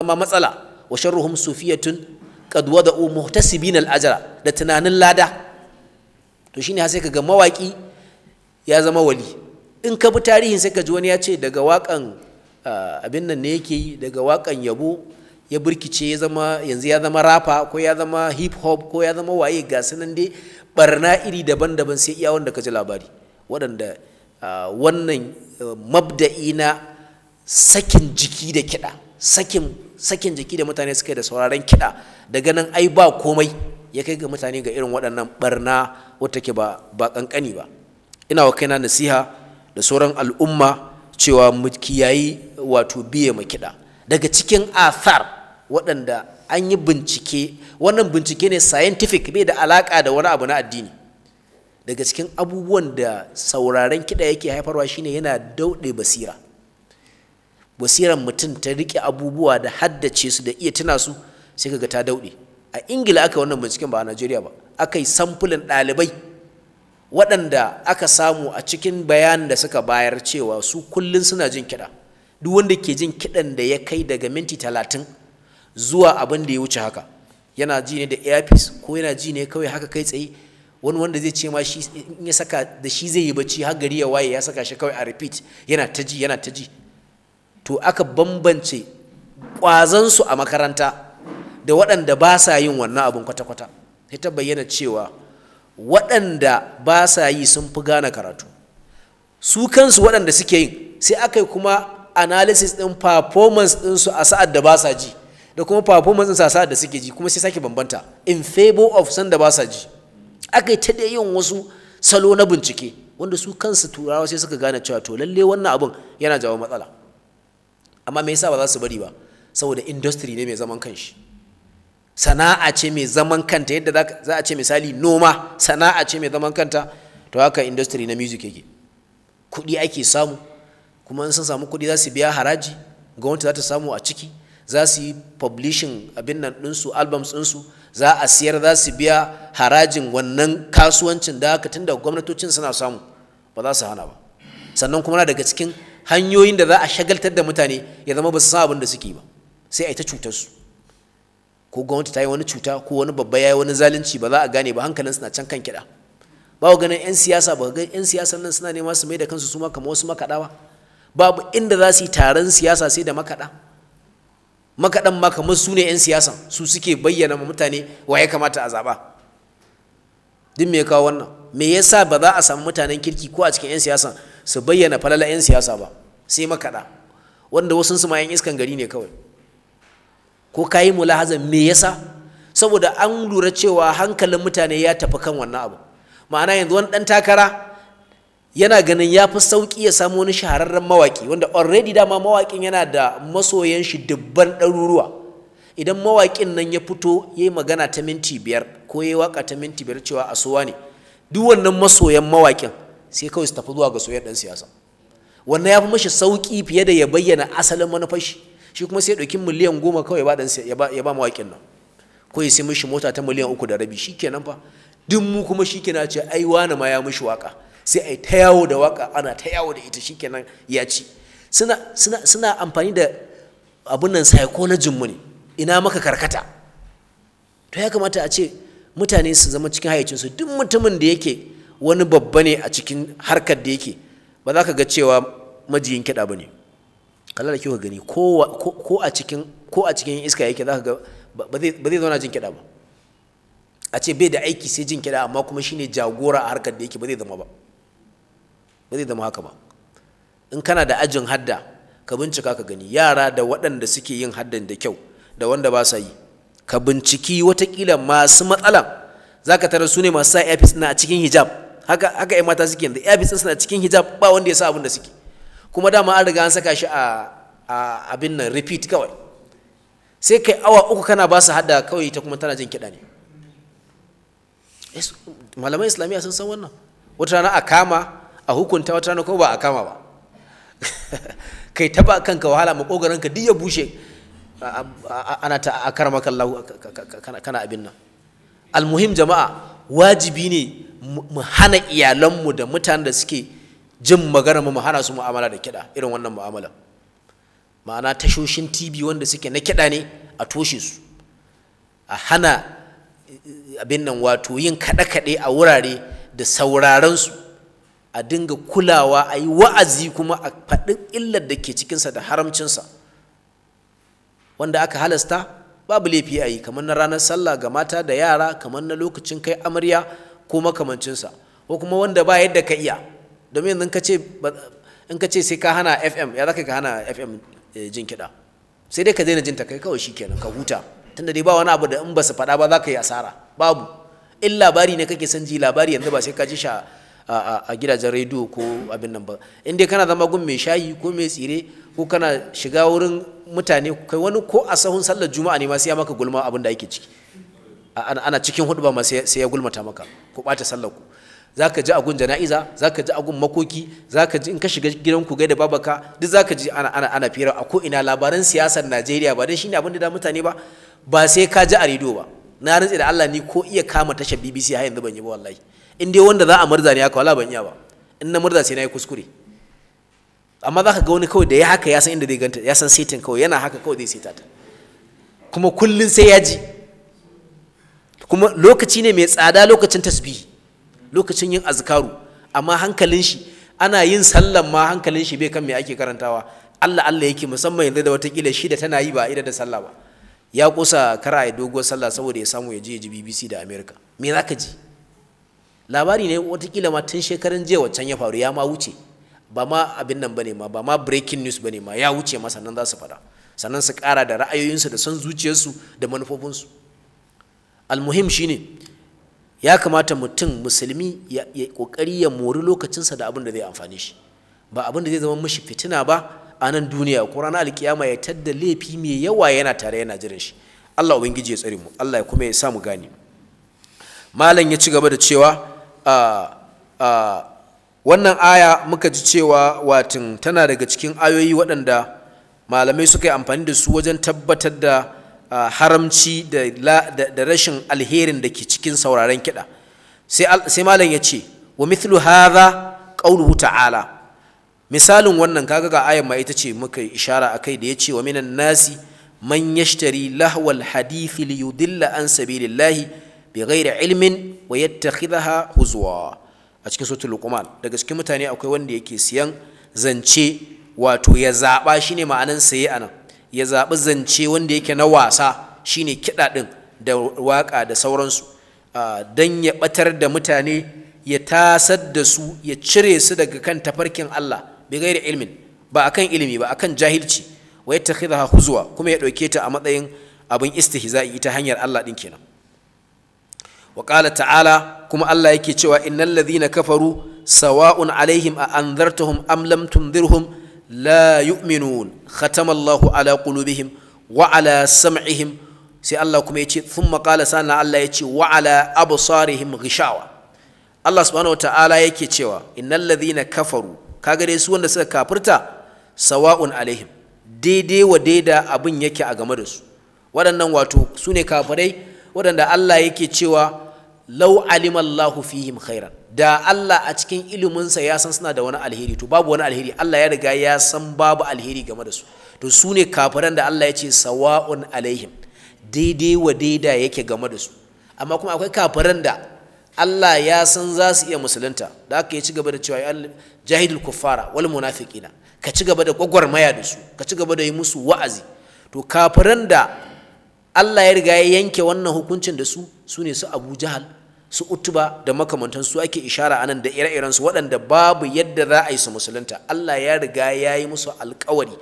amma matsala wa sharruhum sufiyatun qad wada'u muhtasibin al-ajra da tunanin lada to shine sai kaga mawaki ya zama wali in ka bi tarihin sai ka ji wani ya ce daga wakan abin nan ne yake yi daga wakan yabo ya birkice ya zama yanzu ya zama rafa ko ya zama hip hop ko ya zama waye ga sunan dai barna iri daban-daban sai iya wanda ka ji labari waɗanda wannan mabda'i na sakin jiki da kiɗa sakin sakin jiki da mutane suka da sauraron kiɗa da ganin ai ba komai ya kai ga mutane ga irin waɗannan barna wata ke ba ƙanƙani ba ina wa kaina nasiha da sauran al'umma cewa mu kiyayi wato biye mu kiɗa daga cikin athar waɗanda an yi bincike wannan bincike ne scientific bai da alaƙa da wani abu na addini daga cikin abubuwan da sauraron kiɗa yake haifarwa shine yana dauɗe basira basiran mutum ta rike abubuwa da haddace su da iya tuna su sai ga ta dauɗe a ingila aka wannan binciken ba a najeriya ba aka yi samfulin ɗalibai waɗanda aka samu a cikin bayan da suka bayar cewa su kullum suna jin kiɗa duk wanda ke jin kiɗan da ya kai daga minti talatin zuwa abin da ya wuce haka yana ji ne da earpiece ko yana ji ne kawai haka kai tsaye wani wanda zai ce ma shi in ya saka da shi zai yi bacci har gari ya waye ya saka shi kawai a repeat yana ta ji yana ta ji to aka bambance kwazansu a makaranta da waɗanda ba sa yin wannan abin kwata-kwata sai ta bayyana cewa waɗanda ba sa yi sun fi gane karatu su kansu waɗanda suke yin sai aka yi kuma analysis ɗin performance ɗinsu a sa'ad da ba sa ji da kuma performance ɗinsu a sa'ad da suke ji kuma sai sake bambanta in favor of sanda ba sa ji aka yi ta yin wasu salo na bincike wanda su kansu turawa sai suka gane cewa to lalle wannan abin yana jawo matsala amma me yasa ba za su bari ba saboda industry ne mai zaman kanshi sana'a ce mai zaman kanta yadda za a ce misali noma sana'a ce mai zaman kanta to haka industry na music yake kuɗi ake samu kuma in sun samu kuɗi za su biya haraji gwamnati za ta samu a ciki za su yi publishing abin nan ɗinsu albums ɗinsu za a siyar za su biya harajin wannan kasuwancin da haka tunda gwamnatocin suna samu ba za su hana ba sannan kuma na daga cikin hanyoyin da za a shagaltar da mutane ya zama ba su san abin da suke ba sai a yi ta cutar su ko gwamnati ta yi wani cuta ko wani babba ya yi wani zalunci ba za a gane ba hankalin suna can kan kiɗa babu ganin 'yan siyasa ba ga 'yan siyasa nan suna nema su mai da kansu su ma kamar wasu makaɗa babu inda za su yi taron siyasa sai da makaɗa makaɗan ma kamar su ne 'yan siyasan su suke bayyana ma mutane wa ya kamata a zaɓa duk me ya kawo wannan me yasa ba za a samu mutanen kirki ko a cikin 'yan siyasan su bayyana falala 'yan siyasa ba sai makaɗa wanda wasu su ma 'yan iskan gari ne kawai ko ka yi mulahazan me yasa saboda an lura cewa hankalin mutane ya tafi kan wannan abu ma'ana yanzu wani ɗan takara yana ganin ya fi sauƙi ya samu wani shahararren mawaƙi wanda already dama mawaƙin yana da masoyan shi dubban ɗaruruwa idan mawaƙin nan ya fito ya yi magana ta minti biyar ko ya yi waƙa ta minti biyar cewa asuwa ne duk wannan masoyan mawaƙin sai kawai su tafi zuwa ga soyayyar dan siyasa wannan ya fi mashi sauki fiye da ya bayyana asalin manufar shi shi kuma sai ɗauki miliyan goma kawai ba dan ya ba mawaƙin nan ko ya sai mishi mota ta miliyan uku da rabi shikenan fa duk mu kuma shikenan ce ai wani ma ya mushi waka sai ai ta yawo da waka ana ta yawo da ita shikenan ya ci suna suna suna amfani da abun nan psychology mu ne ina maka karkata to ya kamata a ce mutane su zama cikin hayyacinsu duk mutumin da yake wani babba ne a cikin harkar da yake ba za ka ga cewa majiyin kiɗa ba ne kala da kyau ka gani ko a cikin ko a cikin iska yake za ka ga ba zai zauna jin kiɗa ba a ce bai da aiki sai jin kiɗa amma kuma shine jagora a harkar da yake ba zai zama ba ba zai zama haka ba in kana da ajin hadda ka bincika ka gani yara da waɗanda suke yin haddan da kyau da wanda ba sa yi ka binciki watakila masu matsalan za ka tara su ne masu sa na a cikin hijab haka haka ƴan mata suke yanzu ƴabi suna cikin hijab ba wanda ya sa abin da suke kuma dama an riga an saka shi a abin nan repeat kawai sai kai awa uku kana ba su hada kawai ta kuma tana jin kiɗa ne malaman islamiyya sun san wannan wata rana a kama a hukunta wata rana ko ba a kama ba kai taba kanka wahala ka duk ya bushe ana ta akarmaka kana abin nan almuhim jama'a wajibi ne mu hana iyalanmu da mutanen da suke jin magana mu hana su mu'amala da kiɗa irin wannan mu'amala ma'ana tashoshin tv wanda suke na kiɗa ne a toshe su a hana abin nan wato yin kaɗe-kaɗe a wurare da su a dinga kulawa a yi wa'azi kuma a faɗin illar da ke cikinsa da haramcinsa wanda aka halasta babu laifi a yi kamar na ranar sallah ga mata da yara kamar na lokacin kai amarya ko makamancinsa ko kuma wanda ba yadda ka iya domin yanzu in ka ce sai ka hana fm ya za ka hana fm eh, jin kiɗa sai dai ka daina jinta kai kawai shi kenan ka huta tunda dai ba wani abu da in ba su faɗa ba za ka yi asara babu in labari ne kake son ji labari yanzu ba sai ka ji shi a gidajen rediyo ko abin nan ba in dai kana zama gun mai shayi ko mai tsire ko kana shiga wurin mutane kai wani ko a sahun sallar juma'a ne ma sai ya maka gulma abin da ake ciki ana cikin hudba ma sai ya gulmata maka ku ɓata sallar ku zaka ji agun jana'iza zaka ji agun makoki zaka ji in ka shiga gidan ku gaida babaka duk zaka ji ana ana ana fira a ko ina labaran siyasar Najeriya ba dan shine abin da da mutane ba ba sai ka ji a rediyo ba na rantsi da Allah ni ko iya kama tashar BBC har yanzu ban yi ba wallahi in dai wanda za a murza ne haka wala ban iya ba in na murza sai na yi kuskure amma zaka ga wani kawai da ya haka ya san inda zai ganta ya san setin kawai yana haka kawai zai seta ta kuma kullun sai ya ji kuma lokaci ne mai tsada lokacin tasbihi lokacin yin azkaru amma hankalin shi ana yin sallan ma hankalin shi bai kan me ake karantawa Allah Allah yake musamman yanzu da watakila shi da tana yi ba ida da sallah ba ya kusa kara ya doguwar sallah saboda ya samu ya je ya ji BBC da America me zaka ji labari ne watakila ma tun shekaran jiya wancan ya faru ya ma wuce ba ma abin nan bane ma ba ma breaking news bane ma ya wuce ma sannan za su faɗa sannan su ƙara da ra'ayoyinsu da son zuciyarsu da manufofinsu almuhim shine ya kamata mutum musulmi ya kokari ya mori lokacinsa da abin da zai amfani shi ba abin da zai zama mishi fitina ba a nan duniya ko ranar alkiyama ya tadda laifi mai yawa yana tare yana jiran shi Allah ubangiji ya tsare mu Allah ya kuma ya sa mu gane malam ya ci gaba da cewa wannan aya muka ji cewa watin tana daga cikin ayoyi waɗanda malamai suka yi amfani da su wajen tabbatar da haramci da rashin alherin da ke cikin sauraron kiɗa sai malam ya ce wa mithlu hadha qawluhu ta'ala misalin wannan kaga ga ayan ma ita ce muka ishara akai da ya ce wa minan nasi man yashtari lahwal hadithi li yudilla an sabilillahi da ilmin wa yattakhidha huzwa a cikin suratul luqman daga cikin mutane akwai wanda yake siyan zance wato ya zaba shine ma'anan saye a nan. ya zaɓi zance wanda yake na wasa shine kiɗa ɗin da waƙa da sauransu don ya ɓatar da mutane ya tasar da su ya cire su daga kan tafarkin Allah bai gaira ilmin ba akan ilimi ba akan jahilci wa ya takhidha huzwa kuma ya ɗauke ta a matsayin abin istihza'i ita hanyar Allah din kenan wa qala ta'ala kuma Allah yake cewa innal ladhina kafaru sawa'un alaihim a anzartahum am lam tunzirhum la yu'minun khatama Allahu ala qulubihim wa ala sam'ihim sai Allah kuma yace thumma qala sana Allah yace wa ala absarihim ghishawa Allah subhanahu wataala yake cewa innal ladhina kafaru kaga dai su wanda suka kafirta sawa'un alaihim daidai wa daida abin yake a game da su waɗannan wato su ne kafirai waɗanda Allah yake cewa lau alimallahu fihim khairan da Allah a cikin iliminsa ya san suna da wani alheri to babu wani alheri Allah ya riga ya san babu alheri game da su to su ne kafiran da Allah ya ce sawa'un alaihim daidai wa daida yake game da su amma kuma akwai kafiran da Allah ya san za su iya musulunta da aka yi ci gaba da cewa jahidul kuffara wal munafiqina ka ci gaba da gwagwarmaya da su ka ci gaba da yi musu wa'azi to kafiran da Allah ya riga ya yanke wannan hukuncin da su su ne su Abu Jahal su utuba da makamantan su ake ishara anan da ire-iren su waɗanda babu yadda za a yi su musulunta Allah ya riga ya yi musu alkawari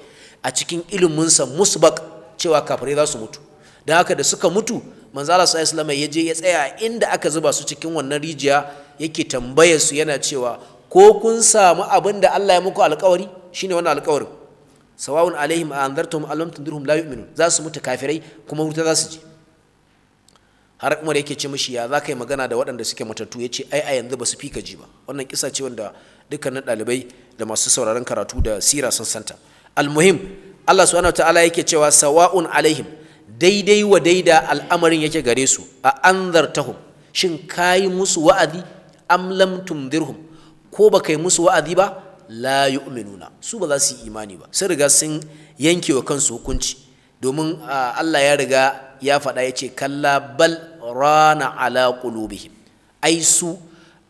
a cikin iliminsa musbak cewa kafirai za su mutu don haka da suka mutu sallallahu alaihi wasallam ya je ya tsaya inda aka zuba su cikin wannan rijiya yake tambayar su yana cewa ko kun samu abin da Allah ya muku alkawari shine wannan alkawarin sawa'un alaihim a anzartum alam tundurhum la yu'minun za su mutu kafirai kuma wuta za su je har umar yake ce mishi ya za ka yi magana da waɗanda suke matattu ya ce ai a yanzu ba su fi ji ba wannan kisa ce wanda dukkanin ɗalibai da masu sauraron karatu da sira sun santa almuhim allah subhanahu ta'ala yake cewa sawa'un alaihim daidai wa daida al'amarin yake gare su a anzartahum shin kayi musu wa'azi am lam ko ba kai musu wa'azi ba la yu'minuna su ba za su yi imani ba sun riga sun yanke wa kansu hukunci domin Allah ya riga ya faɗa ya ce kalla bal rana ala ƙulubihim ai su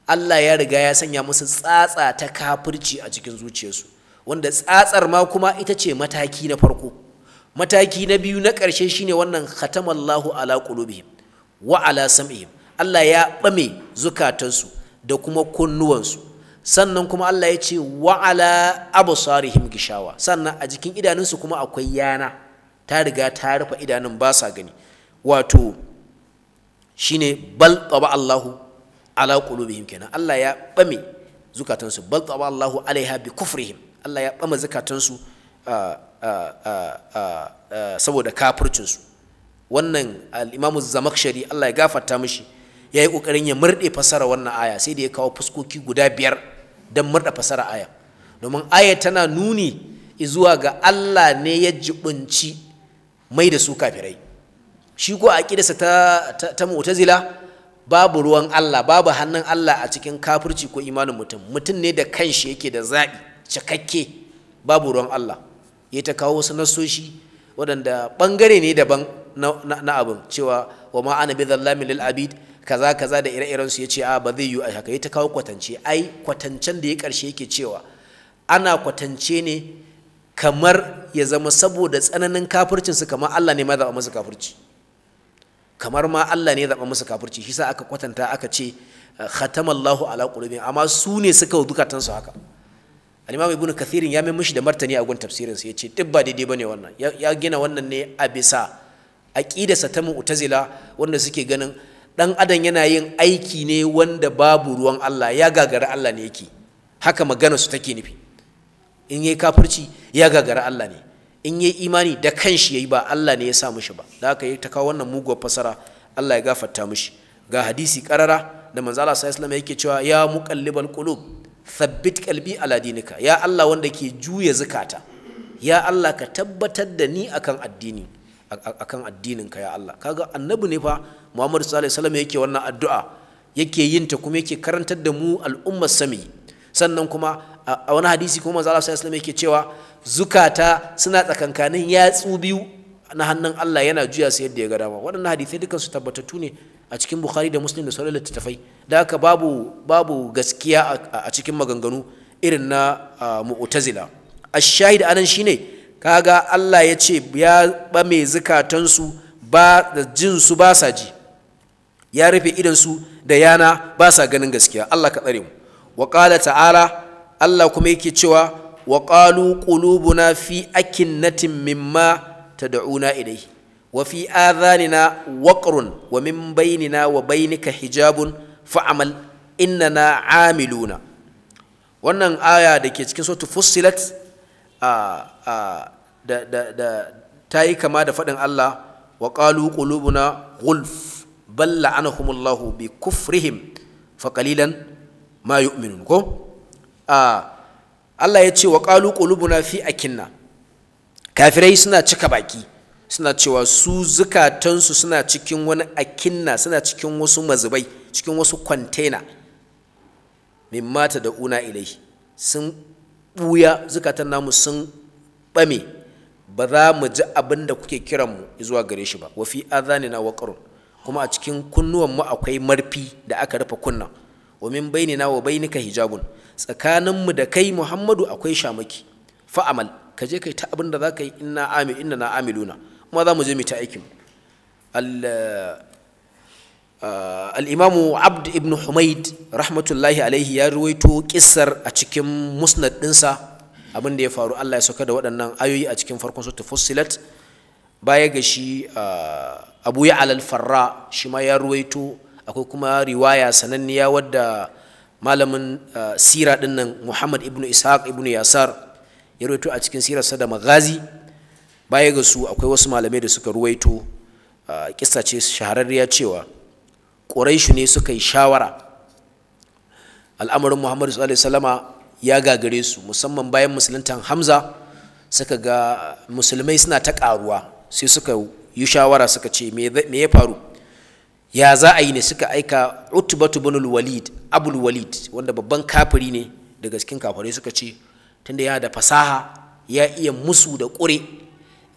Allah ya riga ya sanya musu tsatsa ta kafirci a cikin zuciyarsu wanda tsatsar ma kuma ita ce mataki na farko mataki na biyu na ƙarshe shine wannan khatamallahu ala ƙulubihim wa ala sam'ihim Allah ya ɓame zukatansu da kuma kunnuwansu sannan kuma Allah ya ce wa ala gishawa sannan a jikin idanunsu kuma akwai yana ta riga ta rufe idanun ba sa gani wato shine bal taba Allahu ala qulubihim kenan Allah ya bame zukatansu bal Allahu alaiha bi kufrihim Allah ya bama zukatansu ah, ah, ah, saboda kafircinsu wannan al-Imam Zamakhshari Allah ya gafarta mishi yayi kokarin ya murde fasara wannan aya sai da ya kawo fuskoki guda biyar dan murda fasara aya domin aya tana nuni izuwa ga Allah ne ya jibinci mai da su kafirai shi ko a ta ta, ta mu'tazila babu ruwan Allah babu hannun Allah a cikin kafirci ko imanin mutum mutum ne da kanshi yake da zabi cikakke babu ruwan Allah ya ta kawo wasu nasoshi waɗanda ɓangare ne daban na, na, abin cewa wa ma ana bi zallamin lil abid kaza kaza da ire-iren su ya ce a ba zai yi a haka ya ta kawo kwatance ai kwatancen da ya karshe yake cewa ana kwatance ne kamar ya zama saboda tsananin kafircinsu kamar Allah ne ma zaɓa musu kafirci kamar ma Allah ne ya zaɓa musu kafirci shi sa aka kwatanta aka ce eh, khatamallahu ala qulubihim amma su ne suka dukatan su haka al-imam ibnu kathirin ya mai mishi da martani a gun tafsirin sa yace dibba ba daidai bane wannan ya gina wannan ne a bisa aqidarsa ta mu'tazila wanda suke ganin dan adam yana yin aiki ne wanda babu ruwan Allah ya gagara Allah ne yake haka magana su take nufi in yi kafirci ya gagara Allah ne in yayi imani da kanshi yayi ba Allah ne ya sa mishi ba da haka yi ta kawo wannan muguwar fasara Allah ya gafarta mishi ga hadisi karara da manzo Allah sallallahu alaihi yake cewa ya muqallibal qulub thabbit qalbi ala dinika ya Allah wanda ke juya zakata ya Allah ka tabbatar da ni akan addini akan addininka ya Allah kaga annabi ne fa Muhammad sallallahu alaihi wasallam yake wannan addu'a yake yin ta kuma yake karantar da mu al'ummar sami sannan kuma a wani hadisi kuma manzo Allah sallallahu alaihi yake cewa zukata suna tsakankanin yatsu biyu na hannun Allah yana juya su yadda ya ga dama waɗannan hadisai dukkan su tabbatattu ne a cikin Bukhari da Muslim da sauran littattafai da haka babu babu gaskiya a cikin maganganu irin na mu'tazila ash-shahid anan shine kaga Allah ya ce ya bame zukatansu ba da jin ba sa ji ya rufe idan su da yana ba sa ganin gaskiya Allah ka tsare mu wa qala ta'ala Allah kuma yake cewa wa qalu qulubuna fi akinnatin mimma tad'una idai wa fi adhanina waqrun wa min bainina wa bainika hijabun fa'amal innana amiluna wannan aya da ke cikin suratul fussilat da ta yi kama da faɗin Allah wa qalu qulubuna ghulf bal la'anahumullahu bi kufrihim fa qalilan ma yu'minun ko Allah ya ce wa qalu na fi kinna kafirai suna cika baki suna cewa su zukatansu suna cikin wani akinna suna cikin wasu mazubai cikin wasu kwantena min mata da una ilai sun buya zukatan namu sun bame ba za mu ji abin da kuke kiranmu zuwa gare shi ba wafi na waqrun kuma a cikin kunnuwan mu akwai marfi da aka rufe kunna wa min bainina wa bainika hijabun tsakaninmu da kai muhammadu akwai shamaki fa'amal ka je kai ta abin za ka yi ina ami ina na amiluna kuma za mu je mu ta aikin uh, al'imamu abd ibn humaid rahmatullahi alaihi ya ruwaito kissar a cikin musnad ɗinsa abin ya faru allah ya sauka da waɗannan ayoyi a cikin farkon sautu fussilat baya ga shi uh, abu ya alal farra shi ma ya ruwaito akwai kuma riwaya sananniya wadda malamin uh, sira din nan Muhammad ibn Ishaq ibn Yasar ya ruwaito a cikin sirarsa da Maghazi baya ga su akwai wasu malamai da suka ruwaito uh, kissa ce shahararriya cewa Quraysh ne suka yi shawara al'amarin Muhammad sallallahu alaihi wasallama ya gagare su musamman bayan musuluntan Hamza suka ga uh, musulmai suna ta karuwa sai suka yi shawara suka ce me ya faru ya za a yi ne suka aika utubatu bin walid abul walid wanda babban kafiri ne daga cikin kafirai suka ce tunda yana da fasaha ya iya musu da ƙure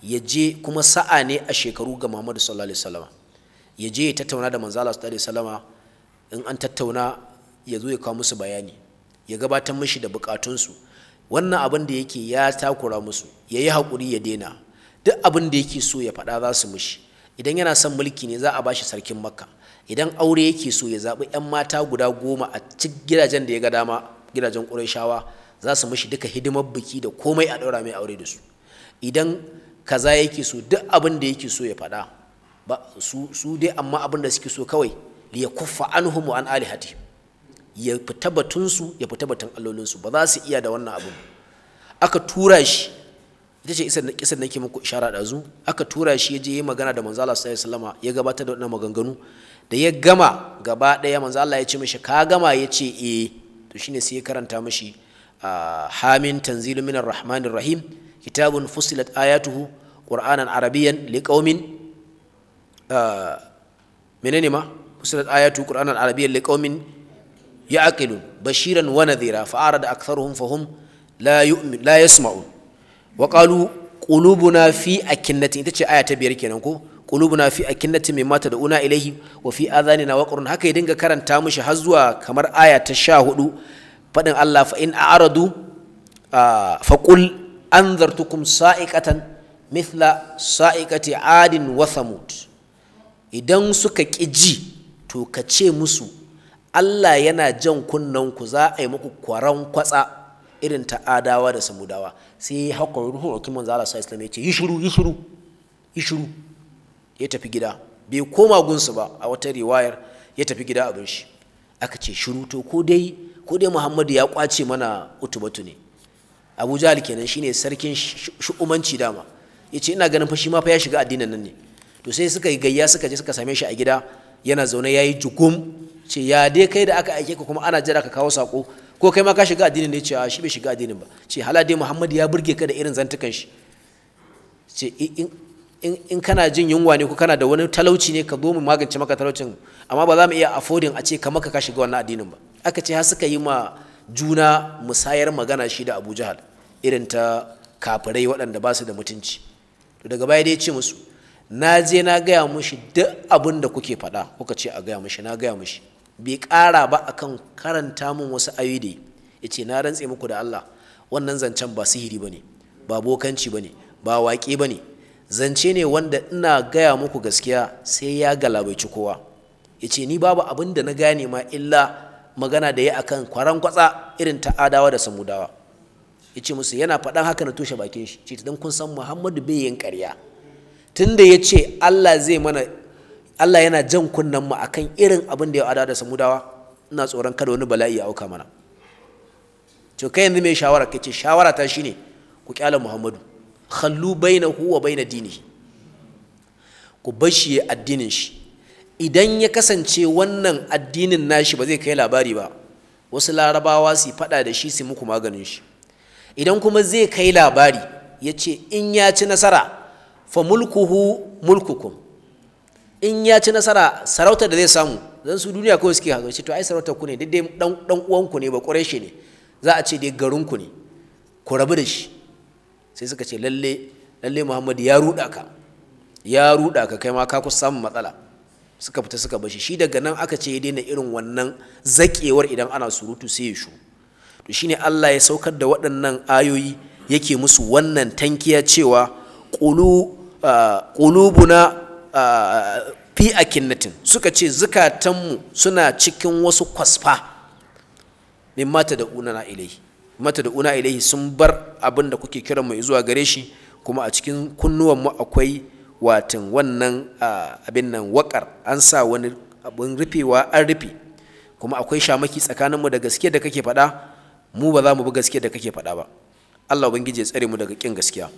ya je kuma sa'a ne a shekaru ga muhammadu sallallahu alaihi wasallama ya je ya tattauna da manzo Allah sallallahu alaihi wasallama in an tattauna ya zo ya kawo musu bayani ya gabatar mishi da bukatunsu wannan abin da yake ya takura musu ya yi haƙuri ya daina duk abin da yake so ya faɗa za su mishi idan yana son mulki ne za a bashi sarkin makka idan aure yake so ya zaɓi 'yan mata guda goma a cik gidajen da ya ga dama gidajen ƙurashawa za su mishi duka hidimar biki da komai a ɗaura mai aure da su idan kaza yake so duk abin da yake so ya faɗa ba su dai amma abin da suke so kawai liya kuffa an humu an alihati ya fita batunsu ya fita batun allolinsu ba za su iya da wannan abin aka tura shi ita ce isar na nake muku ishara da zu aka tura shi ya je yi magana da manzo Allah sallallahu alaihi wasallam ya gabatar da wannan maganganu da ya gama gaba daya manzo Allah ya ce mishi ka gama ya ce eh to shine sai ya karanta mishi ah, hamin tanzilu minar rahmanir rahim kitabun fusilat ayatuhu qur'anan arabiyan liqaumin ah, menene ma fusilat ayatu qur'anan arabiyan liqaumin ya'qilun bashiran wa nadhira fa arada aktharuhum fahum la yu'min la yasma'un wa qalu na fi a kinnati ita ce aya ta biyar kenan ko na fi a mai mata da una ilaihi wa fi na waqrun haka ya dinga karanta mushi har zuwa kamar aya ta sha hudu faɗin Allah fa in a'radu fa qul anzartukum sa'iƙatan mithla sa'iƙati adin wa thamud idan suka ƙi ji to ka ce musu Allah yana jan kunnanku za a yi muku kwaran kwatsa irin ta adawa da samudawa sai hakkon ruhun rokin manzo Allah sallallahu islam ya ce yi shiru yi shiru yi shiru ya tafi gida bai koma gunsu ba a wata riwayar ya tafi gida abin shi aka ce shiru to ko dai ko dai Muhammadu ya kwace mana utubatu ne Abu Jahl kenan shine sarkin shu'umanci dama yace ina ganin fa shi ma fa ya shiga addinin nan ne to sai suka yi gayya suka je suka same shi a gida yana zaune ya yi jugum ce ya dai kai da aka aike ka kuma ana jira ka kawo sako ko kai ma ka shiga addinin ne cewa ah, shi bai shiga addinin ba ce hala dai muhammad ya burge ka da irin zantukan shi ce in kana jin yunwa ne ko kana da wani talauci ne ka zo mu magance maka talaucin amma ba za mu iya affording a ce ka maka ka shiga wannan addinin ba aka ce har suka yi ma juna musayar magana shi da Abu Jahal irin ta kafirai waɗanda ba su da mutunci to daga baya dai ce musu na je na gaya mushi duk abin da kuke faɗa kuka ce a gaya mushi na gaya mushi bai ƙara ba akan karanta min wasu ayoyi da ya ce na rantse muku da Allah wannan zancen ba sihiri ba ne ba bokanci ba ne ba waƙe ba ne zance ne wanda ina gaya muku gaskiya sai ya galabaici kowa ya ce ni babu abin da na gane ma illa magana da ya kan kwaran kwatsa irin ta adawa da samudawa ya ce musu yana faɗan haka na tushe bakin shi ce don kun san muhammadu bai yin ƙarya tun da ya ce allah zai mana Allah yana jan kunnen mu kan irin abin da ya ada da samu dawa ina tsoron kada wani bala'i ya auka mana to kai yanzu mai shawara kai ce shawara ta shine ku kyala Muhammadu khallu bainahu wa baina dini ku bashiye addinin shi idan ya kasance wannan addinin nashi ba zai kai labari ba wasu larabawa su faɗa da shi su muku maganin shi idan kuma zai kai labari ya ce in ya ci nasara fa mulkuhu mulkukum in ya ci nasara sarauta da zai samu zan su duniya kawai suke hazo ce to ai sarauta ku ne daidai dai dan uwanku ne ba ƙureshi ne za a ce dai garin ku ne ku rabu da shi sai suka ce lalle lalle Muhammad ya ruda ka ya ruɗa ka kai ma ka ku samun matsala suka fita suka bashi shi daga nan aka ce ya daina irin wannan zaƙewar idan ana surutu sai ya shu to shine Allah ya saukar da waɗannan ayoyi yake musu wannan tankiya cewa qulu ah, qulubuna fi a kinnatin suka ce zukatanmu suna cikin wasu kwasfa min mata da unana ilai mata da una ilai sun bar abin da kuke kiran mai zuwa gare shi kuma a cikin kunnuwan mu akwai watan wannan abin nan wakar an sa wani abin rufewa an rufe kuma akwai shamaki tsakaninmu da gaskiya da kake faɗa mu ba za mu bi gaskiya da kake faɗa ba Allah ubangiji ya tsare mu daga kin gaskiya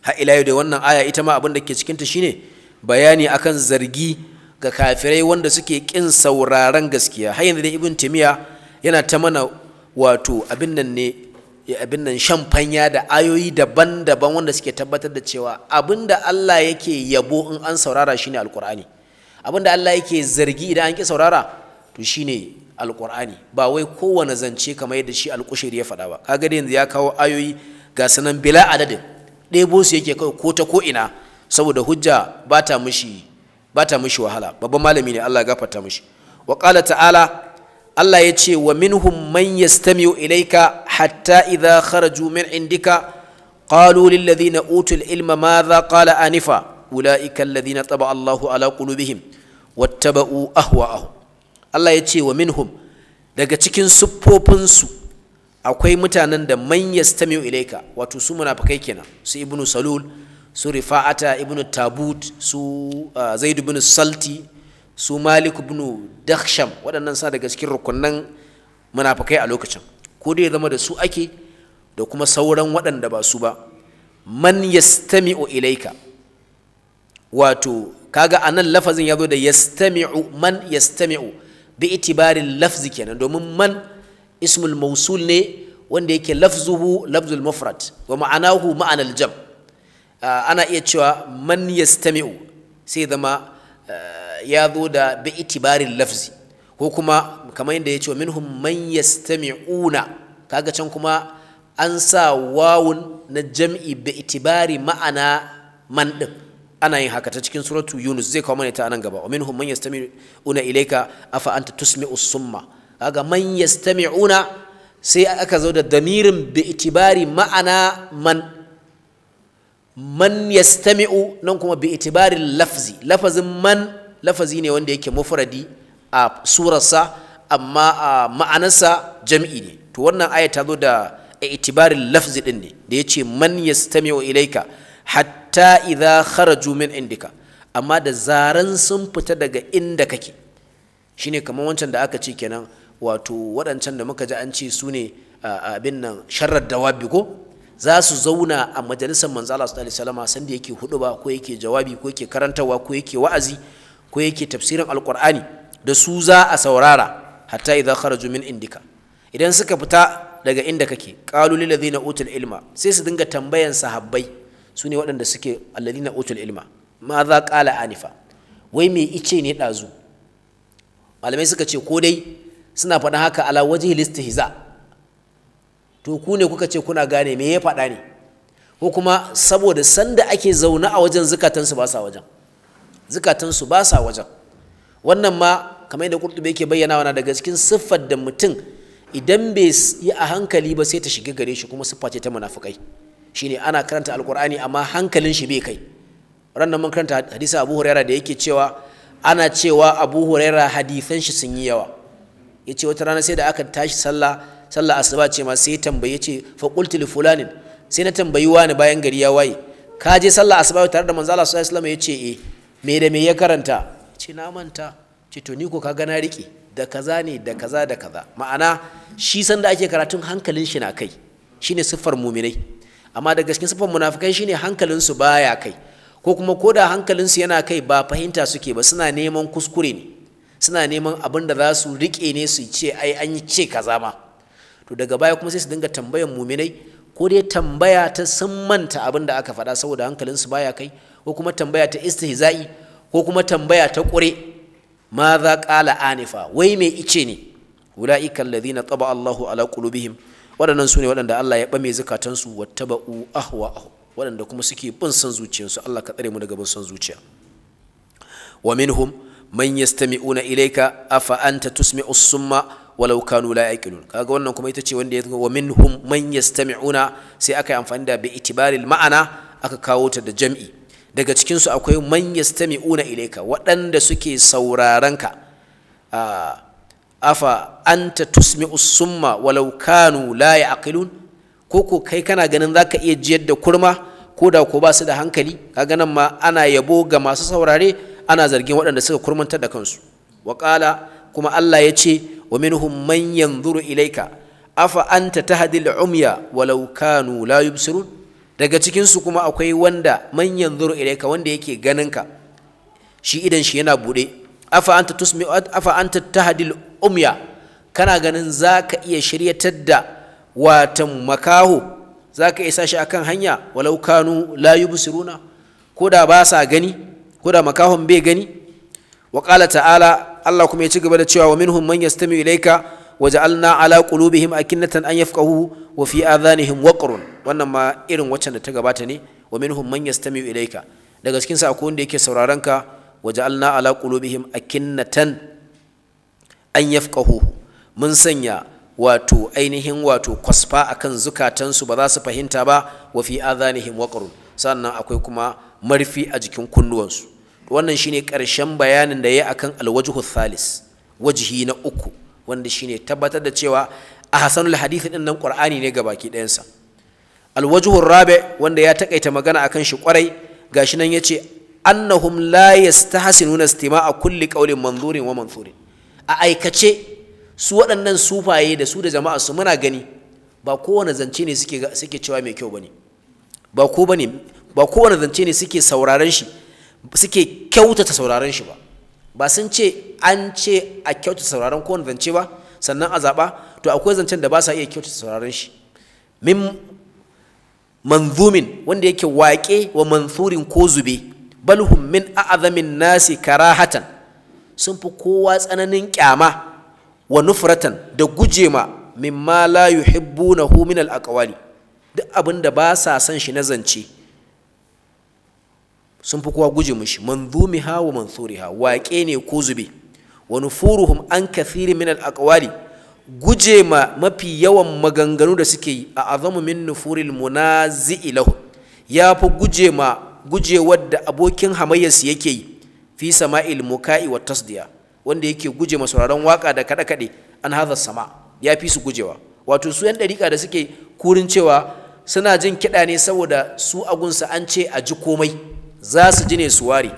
har ila yau da wannan aya ita ma abin da ke cikin ta shine bayani akan zargi ga kafirai wanda suke kin sauraron gaskiya har yanzu dai ibn timiya yana ta mana wato abin nan ne abin nan shamfanya da ayoyi daban-daban wanda suke tabbatar da cewa abinda da Allah yake yabo in an saurara shine alkur'ani abin da Allah yake zargi idan an ki saurara to shine alkur'ani ba wai kowane zance kamar yadda shi alkushiri ya faɗa ba kaga yanzu ya kawo ayoyi ga sanan bila adadin ɗebo su yake kawai ko ta ko ina saboda hujja ba ta mushi ba ta wahala babban malami ne Allah ya gafarta mishi wa qala ta'ala Allah ya ce wa minhum man yastami'u ilayka hatta idha kharaju min indika qalu lil ladina utul ilma madha qala anifa ulaika alladhina taba Allahu ala qulubihim wattaba'u ahwa'ahum Allah ya ce wa minhum daga cikin siffofinsu akwai mutanen da man yastami'u ilayka wato su munafikai kenan su ibnu salul su rifa'ata Ibnu tabut su uh, zaid ibn salti su malik ibn dakhsham waɗannan sada daga cikin rukunnan munafikai a lokacin ko dai zama da su ake da kuma sauran waɗanda ba su ba man yastami'u ilaika wato kaga anan lafazin zo da yastami'u man yastami'u bi itibarin lafzi kenan domin man ismul mausul ne wanda yake lafzuhu lafzul mufrad wa ma'anahu ma'anal jam' Ah, ana iya cewa man yastami'u sai zama ah, ya zo da bi itibarin lafzi ko kuma kamar yadda ya ce minhum man yastami'una kaga can kuma an sa wawun na jam'i bi itibari ma'ana man din ana yin haka ta cikin suratu yunus zai kawo mana ta nan gaba wa minhum man yastami'una ilayka afa anta tusmi'u summa kaga man yastami'una sai aka zo da damirin bi itibari ma'ana man man yastami'u nan kuma bi itibarin lafzi lafazin man lafazi ne wanda yake mufradi a surarsa amma a ma'anarsa jam'i ne to wannan aya ta zo da itibarin lafzi din ne da yace man yastami'u ilaika hatta idza kharaju min indika amma da zaran sun fita daga inda kake shine kamar wancan da aka ce kenan wato waɗancan da muka ji an ce su ne abin nan sharar dawabi ko za su zauna a majalisar manzo Allah sallallahu alaihi wasallam sanda yake huduba ko yake jawabi ko yake karantawa ko yake wa'azi ko yake tafsirin alqur'ani da su za a saurara hatta idza kharaju min indika idan suka fita daga inda kake qalu lil ladina utul ilma sai su dinga tambayan sahabbai su ne waɗanda suke alladina utul ilma ma za qala anifa wai me ice ne ɗazu malamai suka ce ko dai suna faɗin haka ala wajhi listihza to ku ne kuka ce kuna gane me ya faɗa ne ko kuma saboda sanda ake zaune a wajen zukatansu ba sa wajen zukatansu ba sa wajen wannan ma kamar yadda kurtubi yake bayyana wana daga cikin siffar da mutum idan bai yi a hankali ba sai ta shiga gare shi kuma siffa ce ta munafukai shine ana karanta alkur'ani amma hankalin shi bai kai ranar mun karanta hadisi abu huraira da yake cewa ana cewa abu huraira hadisan shi sun yi yawa yace wata rana sai da aka tashi sallah sallah asuba ce ma sai tambaye ce fa qultu li fulanin sai na tambayi wani bayan gari ya waye ka je sallah asuba tare da manzo Allah sallallahu alaihi wasallam yace eh me da me ya karanta ce na manta ce to ni ko ka gana rike da kaza ne da kaza da kaza ma'ana shi sanda ake karatun hankalin shi na kai shine siffar muminai amma daga cikin sifar munafikai shine hankalin su baya kai ko kuma koda hankalin su yana kai ba fahimta suke ba suna neman kuskure ne suna neman abin da za su rike ne su ce ai an ce kaza ma to daga baya kuma sai su dinga tambayan muminai ko dai tambaya ta sun manta abin da aka faɗa saboda hankalinsu baya kai ko kuma tambaya ta istihza'i ko kuma tambaya ta ƙure ma za ƙala anifa wai mai ice ne ladi na taba Allahu ala qulubihim waɗannan su ne waɗanda Allah ya ɓame zukatansu wattaba'u ahwa waɗanda kuma suke bin son zuciyarsu Allah ka tsare mu daga bin son zuciya wa minhum man yastami'una ilayka afa anta tusmi'u summa walau kanu la yaqilun kaga wannan kuma ita ce wanda ya wa minhum man yastami'una sai aka yi amfani da bi itibaril ma'ana aka kawo ta da jam'i daga cikin su akwai man yastami'una ilayka waɗanda suke sauraron ka ah, afa anta tusmi'u summa walau kanu la yaqilun ko kai kana ganin zaka iya jiyar da kurma ko da ko ba su da hankali kaga nan ma ana yabo ga masu saurare ana zargin waɗanda suka kurmantar da kansu wa qala kuma Allah ya ce wa minhum man yanzuru ilaika afa anta tahdil umya walau kanu la yubsirun daga cikin su kuma akwai wanda man yanzuru ilaika wanda yake ganinka shi idan shi yana bude afa anta tusmi afa anta tahdil umya kana ganin zaka iya shiryatar da watan makaho zaka isa shi akan hanya walau kanu la yubsiruna ko da ba sa gani koda makahon bai gani wa qala ta'ala Allah kuma ya ci gaba da cewa wa minhum man yastami ilayka waja'alna ala qulubihim akinnatan an yafqahu wa fi adhanihim waqrun wannan ma irin waccan da ta gabata ne wa minhum man yastami ilayka daga cikin sa akwai wanda yake sauraron ka waja'alna ala qulubihim akinnatan an yafqahu mun sanya wato ainihin wato kwasfa akan zukatansu ba za su fahimta ba wa fi adhanihim waqrun sannan akwai kuma marfi a jikin kunnuwansu wannan shine karshen bayanin da ya yi akan alwajhu thalis wajihi na uku wanda shine tabbatar da cewa ahsanul hadith din nan qur'ani ne baki ɗayansa alwajhu rabe wanda ya takaita magana akan shi kwarai gashi nan ya annahum la yastahsinuna istima'a kulli qawlin manzurin wa mansurin a aikace su waɗannan sufaye da su da jama'a su muna gani ba kowane zance ne suke suke cewa mai kyau bane ba ko bane ba kowane zance ne suke sauraron shi suke kyautata sauraron shi ba ba sun ce an ce a kyautata sauraron kowane zance ba sannan a zaɓa to akwai zancen da ba sa iya kyautata sauraron shi min manzumin wanda yake waƙe wa mansurin ko zube balhum min a'azamin nasi karahatan sun fi kowa tsananin kyama wa nufratan da guje min mimma la yuhibbunahu min al-aqwali duk abin da ba sa son shi na zance sun fi kowa guje manzumi ha wa mansuriha waƙe ne ko zube wa nufuruhum an kathiri min al guje ma mafi yawan maganganu da suke yi a azamu min nufuril lahu ya fi guje ma guje da abokin hamayyarsu yake yi fi sama'il muka'i wa tasdiya wanda yake guje ma sauraron waka da kaɗe kaɗe an haza sama ya fi su gujewa wato su yan ɗariƙa da suke kurin cewa suna jin kiɗa ne saboda su agunsa an ce a ji komai za su ji ne su ware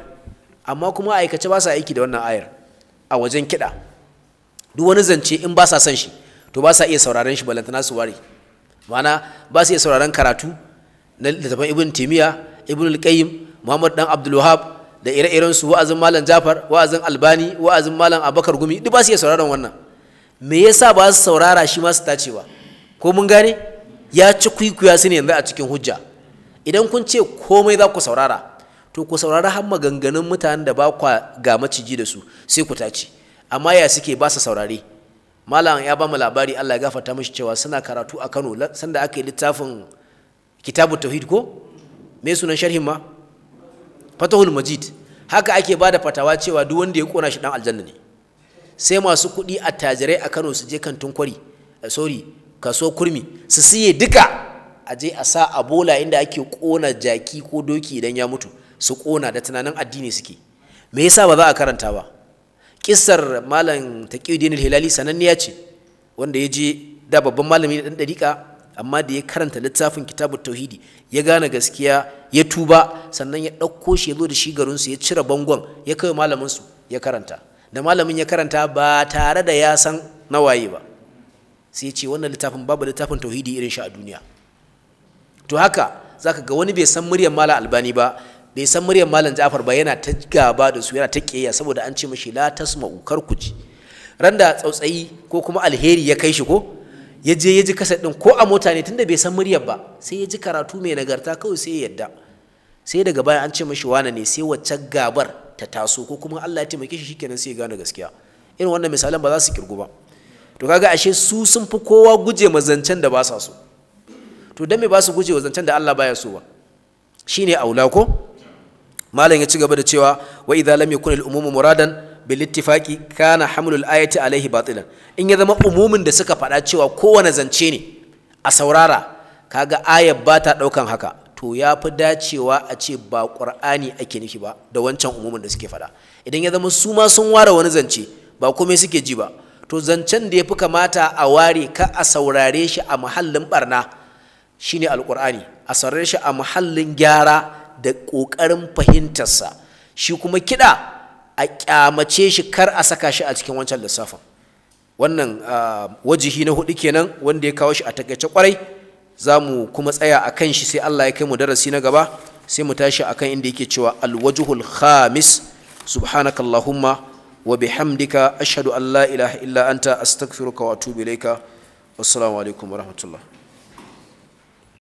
amma kuma aikace ba sa aiki da wannan ayar a wajen kiɗa duk wani zance in ba sa son shi to ba sa iya sauraron shi balantana su ware ma'ana ba su iya sauraron karatu na littattafan ibn timiya ibn al muhammad dan abdul wahab da ire-iren su wa'azin malam jafar wa'azin albani wa'azin malam abakar gumi duk ba su iya sauraron wannan me yasa ba su saurara shi ma su tace ba ko mun gane ya ci kwikwiya su ne yanzu a cikin hujja idan kun ce komai za ku saurara to ku saurari har maganganun mutanen da ba kwa ga maciji da su sai ku tace amma ya suke ba su saurare malam ya ba mu labari Allah ya gafarta mishi cewa suna karatu a Kano sanda aka yi littafin Kitabu Tauhid ko me sunan sharhin ma Fatahul Majid haka ake bada fatawa cewa duk wanda ya kona shi dan aljanna ne sai masu kuɗi tajirai a Kano su je kantin kwari eh, sorry kaso kurmi su siye duka a je a sa a bola inda ake kona jaki ko doki idan ya mutu su kona da tunanin addini suke me yasa ba za a karanta ba kissar malam taqiyuddin hilali sananniya ce wanda ya je da babban malami na dan dariƙa amma da ya karanta littafin kitabu tauhidi ya gane gaskiya ya tuba sannan ya ɗauko shi ya zo da shi garin su ya cire bangon ya kai malaminsu ya karanta da malamin ya karanta ba tare da ya san nawaye ba sai ya ce wannan littafin babu littafin tauhidi irin shi a duniya to haka zaka ga wani bai san muryar malam albani ba bai san muryar malam Ja'far ba yana ta gaba da su yana ta kiyaya saboda an ce mishi la tasma'u kar ku ji randa tsautsayi ko kuma alheri ya kai shi ko ya je ya ji kasa din ko a mota ne tunda bai san muryar ba sai ya ji karatu mai nagarta kawai sai ya yadda sai daga baya an ce mishi wane ne sai wacce gabar ta taso ko kuma Allah ya taimake shi shikenan sai ya gane gaskiya irin wannan misalan ba za su kirgu ba to kaga ashe su sun fi kowa guje ma zancen da ba sa so to dan me ba su guje wa da Allah baya so ba shine aula ko malam ya ci gaba da cewa wa idza lam yakun al umum muradan bil ittifaqi kana hamlul ayati alaihi batilan in ya zama umumin da suka faɗa cewa kowane zance ne a saurara kaga ayat ba ta daukan haka to ya fi dacewa a ce ba qur'ani ake nufi ba da wancan umumin da suke faɗa idan ya zama su ma sun ware wani zance ba komai suke ji ba to zancen da ya fi kamata a ware ka a saurare shi a muhallin barna shine alqur'ani a saurare shi a muhallin gyara da ƙoƙarin fahimtarsa shi kuma kiɗa a ƙyamace shi kar a saka shi a cikin wancan lissafin wannan wajihi na hudu kenan wanda ya kawo shi a takaice kwarai za mu kuma tsaya a kan shi sai Allah ya kai mu darasi na gaba sai mu tashi a kan inda yake cewa alwajhul khamis subhanakallahumma wa bihamdika hamdika ashadu la ilaha illa anta astaghfiruka wa atubu ilaika alaikum wa rahmatullah